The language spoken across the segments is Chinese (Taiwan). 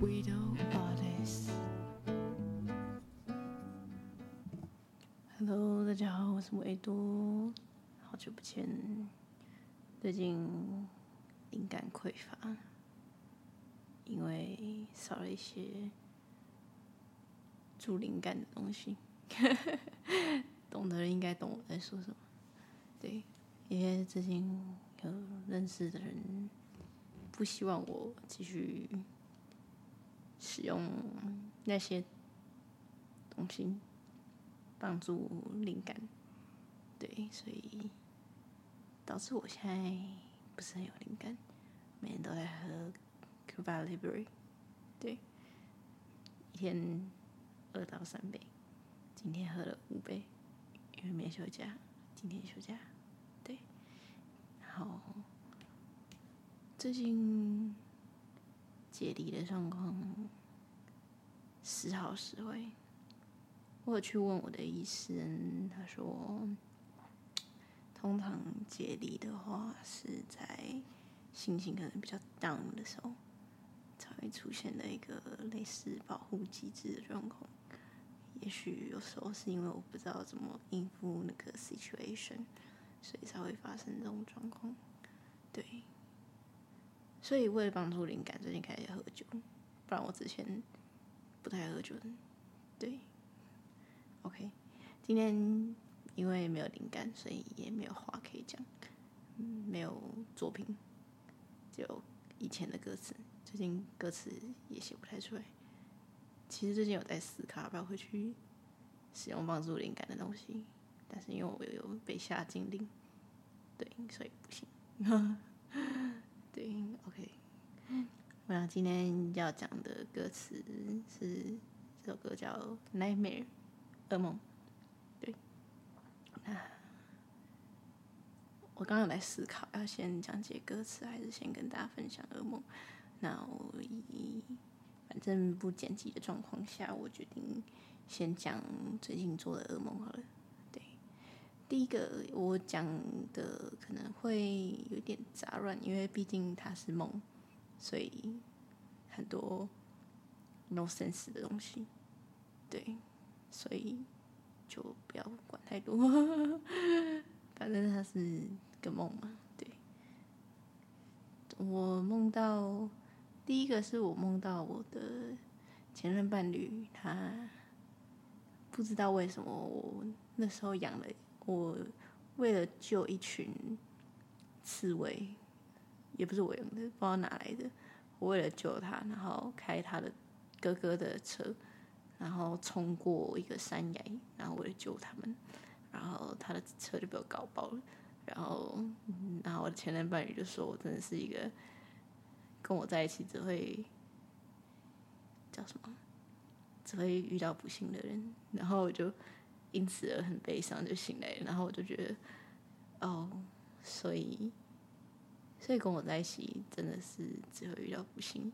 Widow Attis. Hello，大家好，我是維多，好久不見。最近靈感匱乏，因為少了一些助靈感的東西。 懂的人應該懂我在說什麼。對，因為最近有認識的人不希望我繼續。使用那些東西幫助靈感，對，所以導致我現在不是很有靈感。每天都在喝 Cuba Libre，對，一天二到三杯。今天喝了五杯，因為沒休假，今天休假，對。然後最近。解離的狀況時好時壞。我有去問我的醫生，他說，通常解離的話是在心情可能比較 down 的時候，才會出現的一個類似保護機制的狀況。也許有時候是因為我不知道怎麼應付那個 situation，所以才會發生這種狀況。對。所以為了幫助靈感，最近開始喝酒，不然我之前不太喝酒了。對，OK，今天因為沒有靈感，所以也沒有話可以講，嗯，沒有作品，就以前的歌詞，最近歌詞也寫不太出來。其實最近有在思考，要不要回去使用幫助靈感的東西，但是因為我又有被下禁令，對，所以不行。 對，OK。我想今天要講的歌詞是這首歌叫《Nightmare》噩夢。對，那我剛剛有在思考，要先講解歌詞，還是先跟大家分享噩夢？那我以反正不剪輯的狀況下，我決定先講最近做的噩夢好了。第一個我講的可能會有點雜亂，因為畢竟它是夢，所以很多 no sense 的東西，對，所以就不要管太多。 反正它是個夢嘛，對。我夢到，第一個是我夢到我的前任伴侶，他不知道為什麼我那時候養了。我為了救一群刺蝟，也不是我養的，不知道哪來的。我為了救他，然後開他的哥哥的車，然後衝過一個山崖，然後為了救他們，然後他的車就被我搞爆了。然後，嗯、然後我的前任伴侶就說：“我真的是一個跟我在一起只會叫什麼？只會遇到不幸的人。”然後我就，因此而很悲傷，就醒來，然後我就覺得，哦，所以，所以跟我在一起真的是只會遇到不幸，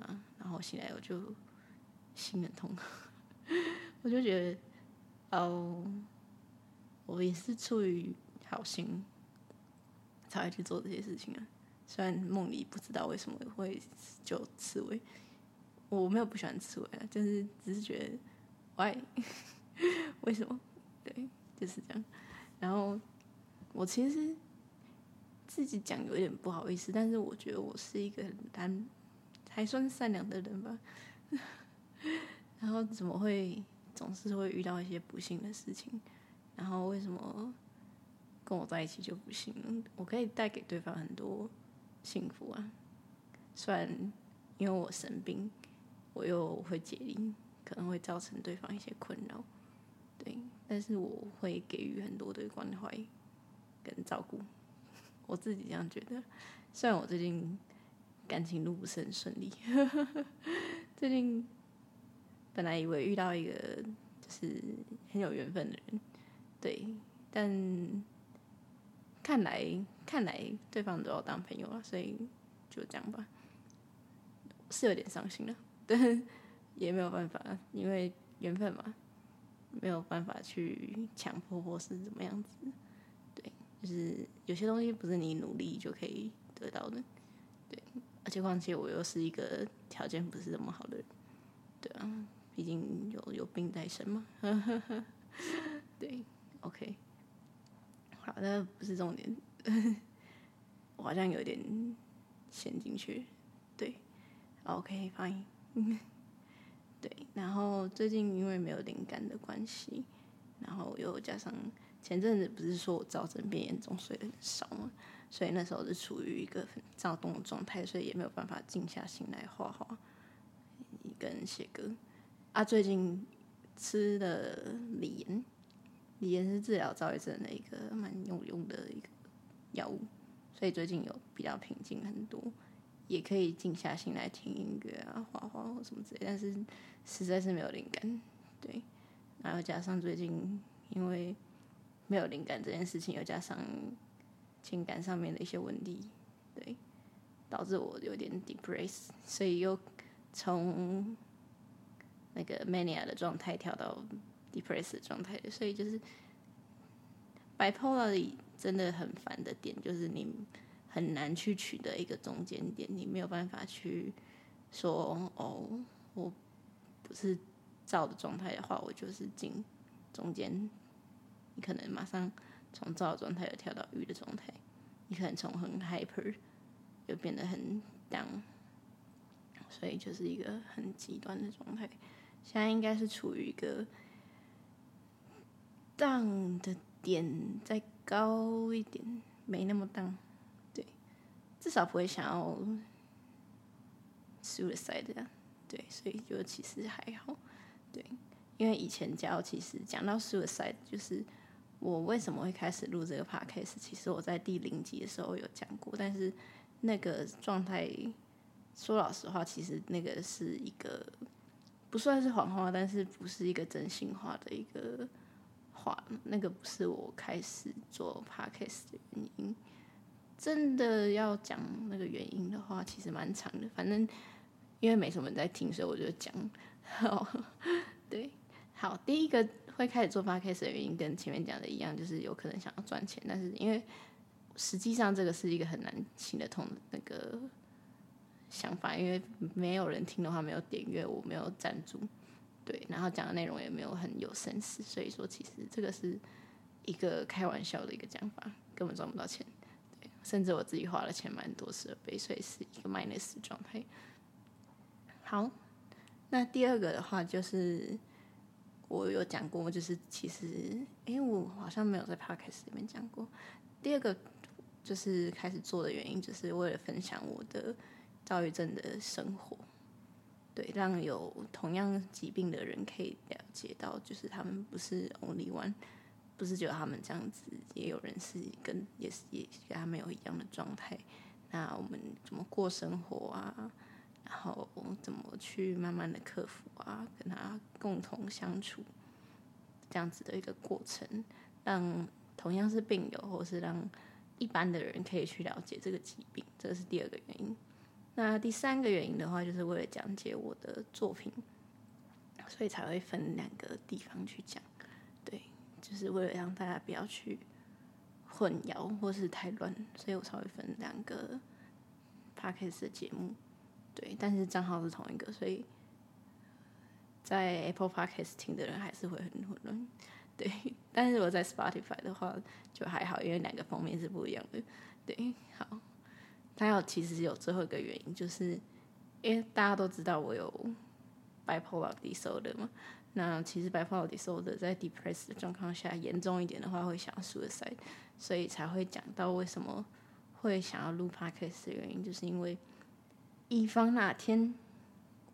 啊，然後醒來我就心很痛， 我就覺得，哦，我也是出於好心，才會去做這些事情啊。雖然夢裡不知道為什麼會救刺蝟，我沒有不喜歡刺蝟啊，就是只是覺得，喂。 為什麼？對，就是這樣。然後我其實自己講有點不好意思，但是我覺得我是一個很還還算善良的人吧。 然後怎麼會總是會遇到一些不幸的事情？然後為什麼跟我在一起就不幸呢？我可以帶給對方很多幸福啊。雖然因為我生病，我又會解鈴，可能會造成對方一些困擾。但是我會給予很多的關懷跟照顧，我自己這樣覺得。雖然我最近感情路不是很順利，呵呵，最近本來以為遇到一個就是很有緣分的人，對，但看來看來對方都要當朋友了，所以就這樣吧。是有點傷心了，但也沒有辦法，因為緣分嘛。沒有辦法去強迫或是怎麼樣子，對，就是有些東西不是你努力就可以得到的，對，而且況且我又是一個條件不是這麼好的人，對啊，畢竟有有病在身嘛，呵呵呵對，OK，好，那不是重點呵呵，我好像有點陷進去，對，OK，fine。Okay, fine, 嗯然後最近因為沒有靈感的關係，然後又加上前陣子不是說我躁症變嚴重，睡很少嘛，所以那時候是處於一個很躁動的狀態，所以也沒有辦法靜下心來畫畫，跟寫歌。啊，最近吃了鋰鹽，鋰鹽是治療躁鬱症的一個蠻有用的一個藥物，所以最近有比較平靜很多。也可以靜下心來聽音樂啊，畫畫或什麼之類的，但是實在是沒有靈感，對。然後加上最近因為沒有靈感這件事情，又加上情感上面的一些問題，對，導致我有點 depressed，所以又從那個 mania 的狀態跳到 depressed 的狀態，所以就是 bipolar 裡真的很煩的點就是你。很難去取得一個中間點，你沒有辦法去說哦，我不是躁的狀態的話，我就是進中間。你可能馬上從躁的狀態又跳到鬱的狀態，你可能從很 hyper 又變得很 down，所以就是一個很極端的狀態。現在應該是處於一個 down 的點再高一點，沒那麼 down。至少不會想要，suicide，這樣啊，對，所以就其實還好，對，因為以前講其實講到 suicide，就是我為什麼會開始錄這個 podcast，其實我在第零集的時候有講過，但是那個狀態說老實話，其實那個是一個不算是謊話，但是不是一個真心話的一個話，那個不是我開始做 podcast 的原因。真的要講那個原因的話，其實蠻長的。反正因為沒什麼人在聽，所以我就講。好，對，好，第一個會開始做發開始 c a s 的原因跟前面講的一樣，就是有可能想要賺錢，但是因為實際上這個是一個很難聽得通的那個想法，因為沒有人聽的話，沒有點閱，我沒有贊助，對，然後講的內容也沒有很有深思，所以說其實這個是一個開玩笑的一個講法，根本賺不到錢。甚至我自己花了錢蠻多設備，所以是一個 minus 狀態。好，那第二個的話就是我有講過，就是其實，因、欸、為我好像沒有在 Podcast 裡面講過。第二個就是開始做的原因，就是為了分享我的躁鬱症的生活，對，讓有同樣疾病的人可以了解到，就是他們不是 only one。不是只有他們這樣子，也有人是跟也是也跟他們有一樣的狀態。那我們怎麼過生活啊？然後怎麼去慢慢的克服啊？跟他共同相處，這樣子的一個過程，讓同樣是病友或是讓一般的人可以去了解這個疾病，這是第二個原因。那第三個原因的話，就是為了講解我的作品，所以才會分兩個地方去講。就是為了讓大家不要去混淆，或是太亂，所以我才會分兩個 podcast 的節目，對，但是賬號是同一個，所以在 Apple Podcast 聽的人還是會很混亂，對。但是我在 Spotify 的話就還好，因為兩個封面是不一樣的，對。好，還有其實有最後一個原因，就是因為大家都知道我有 bipolar disorder 的嘛。那其實 bipolar disorder，在 depressed 的狀況下嚴重一點的話，會想要 suicide，所以才會講到為什麼會想要錄 podcast 的原因，就是因為，以防哪天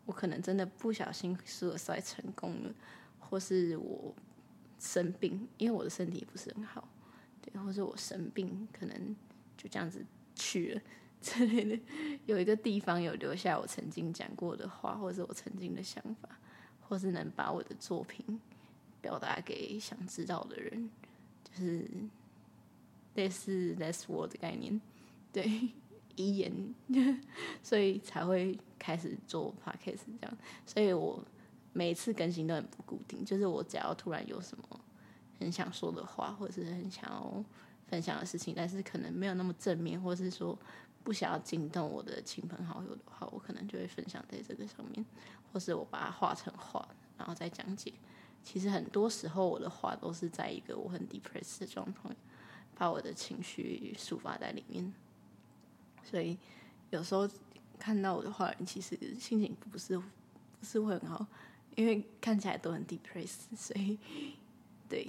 我可能真的不小心 suicide 成功了，或是我生病，因為我的身體也不是很好，對，或是我生病，可能就這樣子去了之類的，有一個地方有留下我曾經講過的話，或者我曾經的想法。或是能把我的作品表達給想知道的人，就是類似 less word 的概念，對，遺言，所以才會開始做 Podcast 這樣。所以我每一次更新都很不固定，就是我只要突然有什麼很想說的話，或者是很想要分享的事情，但是可能沒有那麼正面，或是說，不想要驚動我的親朋好友的話，我可能就會分享在這個上面，或是我把它畫成畫，然後再講解。其實很多時候我的畫都是在一個我很 depressed 的狀況，把我的情緒抒發在裡面。所以有時候看到我的畫，人其實心情不是不是會很好，因為看起來都很 depressed。所以對，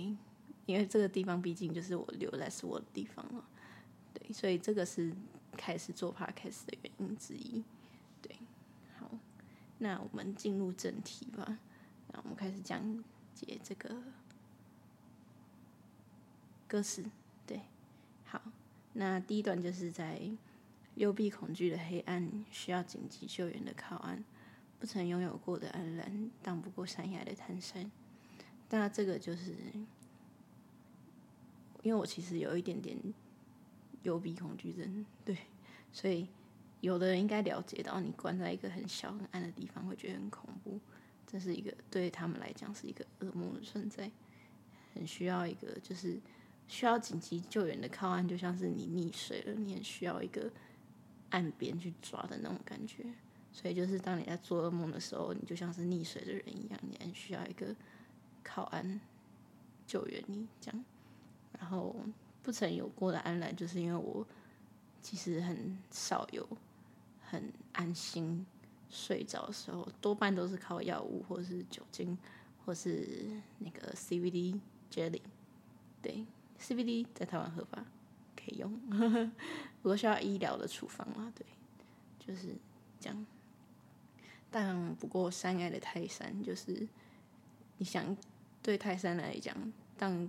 因為這個地方畢竟就是我留在是我的地方了，對，所以這個是。開始做 podcast 的原因之一，對，好，那我們進入正題吧。那我們開始講解這個歌詞，對，好，那第一段就是在幽閉恐懼的黑暗，需要緊急救援的靠岸，不曾擁有過的安然，擋不過山崖的貪心。那這個就是因為我其實有一點點。幽閉恐懼症，對，所以有的人應該了解到，你關在一個很小很暗的地方，會覺得很恐怖。這是一個，對他們來講是一個噩夢的存在，很需要一個就是需要緊急救援的靠岸，就像是你溺水了，你很需要一個岸邊去抓的那種感覺。所以，就是當你在做噩夢的時候，你就像是溺水的人一樣，你很需要一個靠岸救援你，這樣，然後。不曾有過的安然，就是因為我其實很少有很安心睡着的時候，多半都是靠藥物，或是酒精，或是那個 CBD Jelly。對，CBD 在台灣合法可以用， 不過需要醫療的處方嘛，對，就是這樣。但不過山害的泰山，就是你想對泰山來講，當。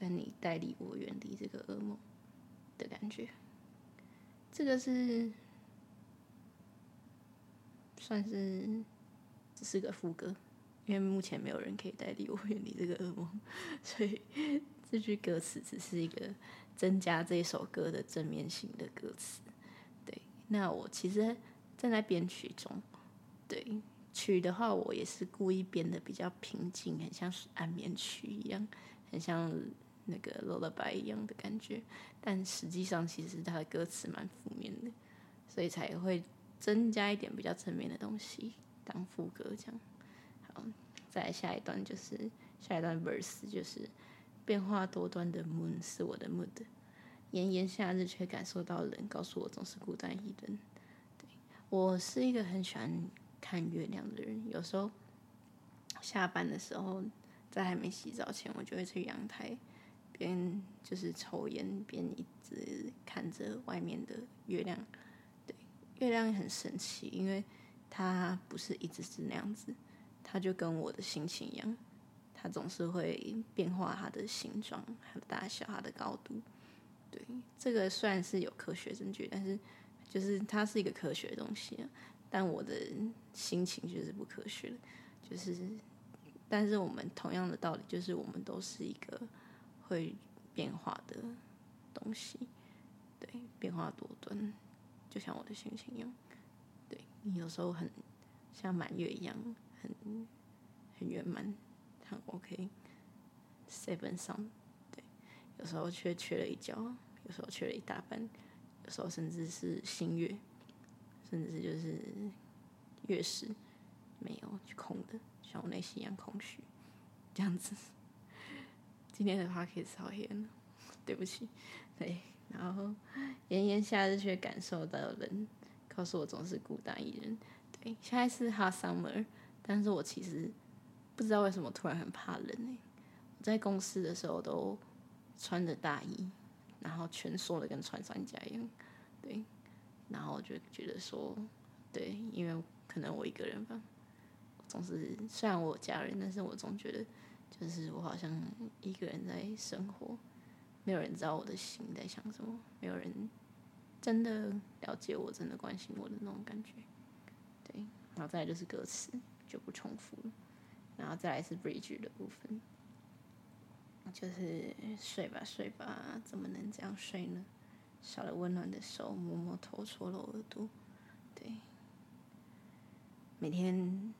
跟你帶離我遠離這個噩夢的感覺，這個是算是只是個副歌，因為目前沒有人可以帶離我遠離這個噩夢，所以這句歌詞只是一個增加這首歌的正面性的歌詞。對，那我其實正在編曲中，對曲的話我也是故意編得比較平靜，很像是安眠曲一樣，很像。那個《Lullaby》一樣的感覺，但實際上其實它的歌詞蠻負面的，所以才會增加一點比較正面的東西當副歌這樣。好，再來下一段，就是下一段 verse，就是變化多端的 moon 是我的 mood，炎炎夏日卻感受到冷，告訴我總是孤單一人。對。我是一個很喜歡看月亮的人，有時候下班的時候，在還沒洗澡前，我就會去陽台。邊就是抽煙，邊一直看着外面的月亮。對，月亮很神奇，因為它不是一直是那樣子，它就跟我的心情一樣，它總是會變化它的形狀、還有大小、它的高度。對，這個雖然是有科學證據，但是就是它是一個科學的東西啊。但我的心情就是不科學的，就是，但是我們同樣的道理，就是我們都是一個。會變化的東西，對，變化多端，就像我的心情一樣，對，你有時候很像滿月一樣，很很圓滿，很 OK，seven 上，OK，seven song, 對，有時候缺缺了一角，有時候缺了一大半，有時候甚至是新月，甚至是就是月食，沒有，就空的，像我內心一樣空虛，這樣子。今天的話題是好嚴，對不起。對，然後炎炎夏日卻感受到冷，可是我總是孤單一人。對，現在是 hot summer，但是我其實不知道為什麼突然很怕冷誒、欸。我在公司的時候都穿着大衣，然後蜷縮的跟穿山甲一,一樣。對，然後我就覺得說，對，因為可能我一個人吧，我總是雖然我有家人，但是我總覺得。就是我好像一個人在生活，沒有人知道我的心在想什麼，沒有人真的了解我，真的關心我的那種感覺。對，然後再來就是歌詞就不重複了，然後再來是 bridge 的部分，就是睡吧睡吧，怎麼能這樣睡呢？少了溫暖的手，摸摸頭，搓揉耳朵。對，每天。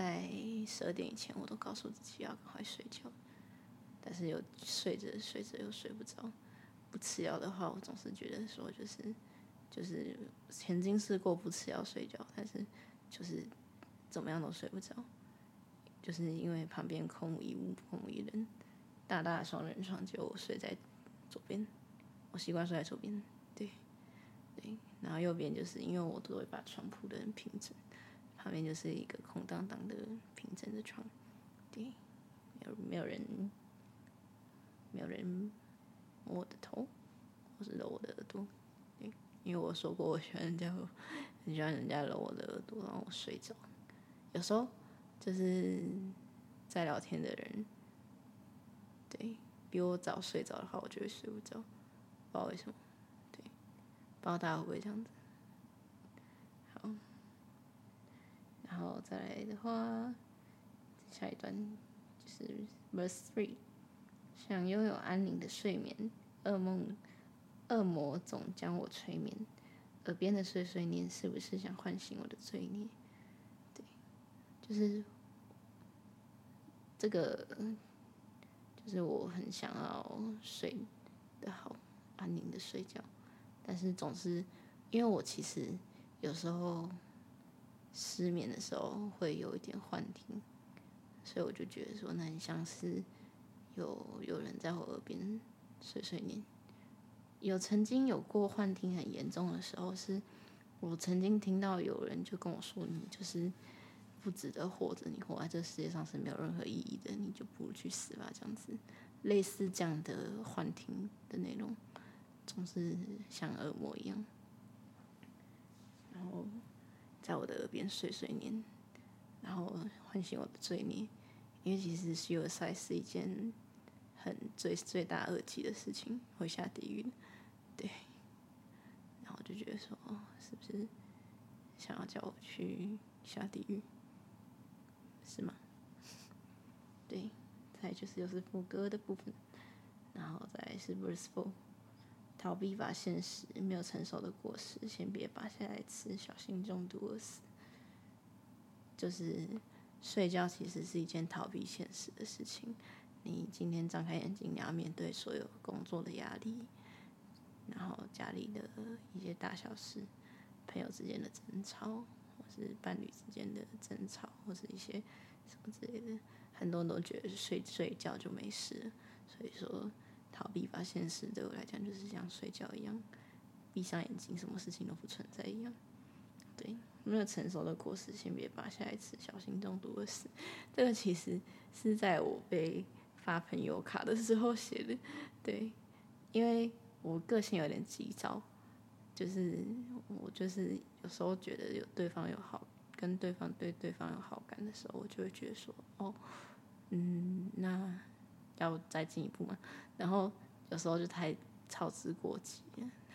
在十二點以前，我都告訴自己要快睡覺，但是又睡着睡着又睡不着。不吃藥的話，我總是覺得說就是就是曾經試過不吃藥睡覺，但是就是怎麼樣都睡不着，就是因為旁邊空無一物，空無一人，大大的雙人床就睡在左邊，我習慣睡在左邊，對對，然後右邊就是因為我都會把床鋪得很平整。旁邊就是一個空蕩蕩的平整的床，對，沒有沒有人，沒有人摸我的頭，或是揉我的耳朵，對，因為我說過我喜歡人家，很喜歡人家揉我的耳朵讓我睡着。有時候就是在聊天的人，對，比我早睡着的話，我就會睡不着，不知道為什麼，對，不知道大家會不會這樣子。然後再來的話，下一段就是 verse three。想擁有安寧的睡眠，噩夢，惡魔總將我催眠，耳邊的碎碎念是不是想喚醒我的罪孽？對，就是這個，就是我很想要睡得好，安寧的睡覺，但是總是因為我其實有時候。失眠的時候會有一點幻聽，所以我就覺得說，那很像是有有人在我耳邊碎碎念。有曾經有過幻聽很嚴重的時候，是我曾經聽到有人就跟我說：“你就是不值得活着，你活在、啊、這個世界上是沒有任何意義的，你就不如去死吧。”這樣子，類似這樣的幻聽的內容，總是像惡魔一樣，然後。在我的耳邊碎碎念，然後喚醒我的罪孽，因為其實 suicide 是一件很罪罪大惡極的事情，會下地獄。對，然後就覺得說、哦，是不是想要叫我去下地獄，是嗎？對，再就是又、就是副歌的部分，然後再是 verse four。逃避吧，現實沒有成熟的果實，先別拔下來吃，小心中毒而死。就是睡覺其實是一件逃避現實的事情。你今天張開眼睛，你要面對所有工作的壓力，然後家裡的一些大小事，朋友之間的爭吵，或是伴侶之間的爭吵，或是一些什麼之類的，很多人都覺得睡睡覺就沒事了，所以說。比發現實對我來講就是像睡覺一樣，閉上眼睛，什麼事情都不存在一樣。對，沒有成熟的果實，先別拔下來吃，小心中毒而死。這個其實是在我被發朋友卡的時候寫的。對，因為我個性有點急躁，就是我就是有時候覺得有對方有好，跟對方對對方有好感的時候，我就會覺得說，哦，嗯，那。要再進一步嘛？然後有時候就太操之過急，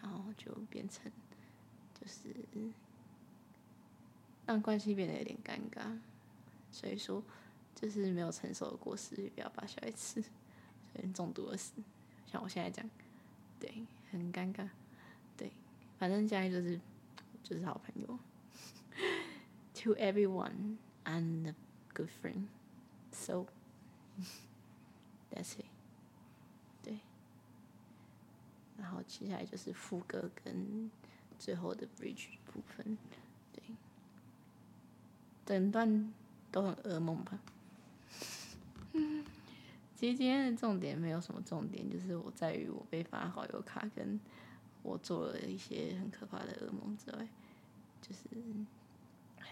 然後就變成就是讓關係變得有點尷尬。所以說，就是沒有成熟的果實，不要把小愛吃，所以中毒而死。像我現在講，對，很尷尬。對，反正現在就是就是好朋友。 To everyone and good friend, so. That's it. 對，然後接下來就是副歌跟最後的 Bridge 的部分，對，整段都很噩夢吧。嗯，其實今天的重點沒有什麼重點，就是我在於我被發好友卡，跟我做了一些很可怕的噩夢之外，就是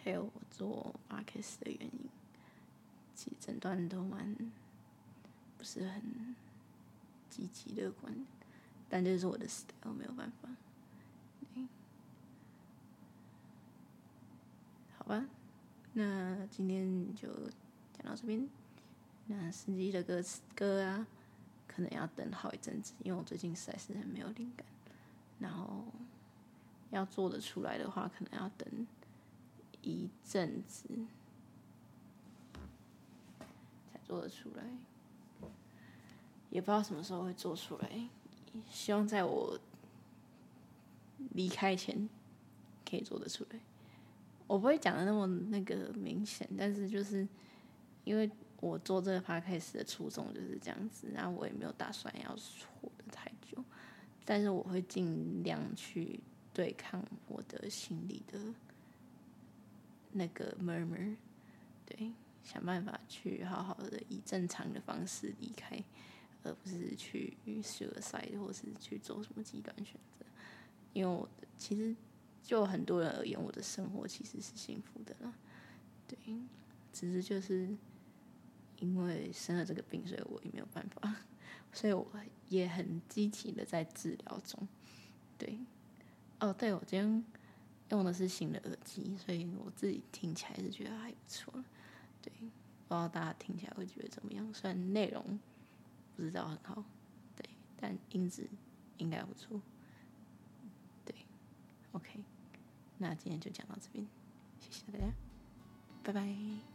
還有我做 podcast 的原因。其實整段都蠻，不是很積極樂觀，但這是我的 style，沒有辦法。好吧，那今天就講到這邊。那司機的歌詞歌啊，可能要等好一陣子，因為我最近實在是很沒有靈感。然後要做得出來的話，可能要等一陣子才做得出來。也不知道什麼時候會做出來，希望在我離開前可以做得出來。我不會講的那麼那個明顯，但是就是因為我做這個 podcast 開始的初衷就是這樣子，然後我也沒有打算要活太久，但是我會盡量去對抗我的心裡的那個 murmur，對，想辦法去好好的以正常的方式離開。而不是去涉賽，或是去做什麼極端選擇，因為我的其實就很多人而言，我的生活其實是幸福的啦。對，只是就是因為生了這個病，所以我也沒有辦法，所以我也很積極的在治療中。對，哦，對我今天用的是新的耳機，所以我自己聽起來是覺得還不錯對，不知道大家聽起來會覺得怎麼樣？雖然內容。不知道很好，對，但音質應該不錯，對，OK，那今天就講到這邊，謝謝大家，拜拜。